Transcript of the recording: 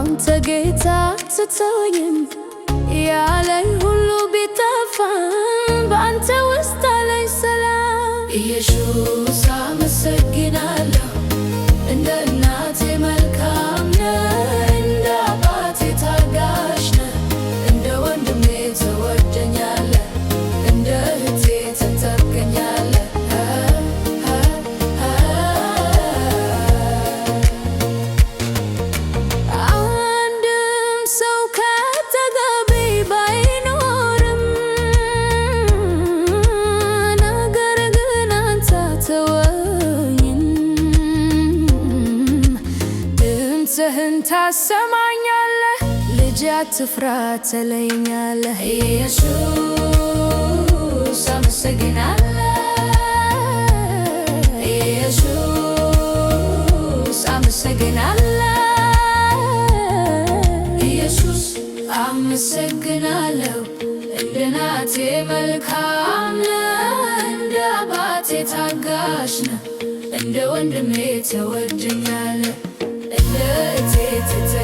አንተ ጌታ ትተወኝም ያለኝ ሁሉ ቢጠፋም በአንተ ውስጥ አለኝ ሰላም ኢየሱስ ልብህን ታሰማኛለህ። ልጅ አትፍራ ትለኛለህ። ኢየሱስ አመሰግናለሁ። ኢየሱስ አመሰግናለሁ። ኢየሱስ አመሰግናለሁ። እንደ እናቴ መልካም ነህ፣ እንደ አባቴ ታጋሽ ነህ፣ እንደ ወንድሜ ተወደኛለህ። le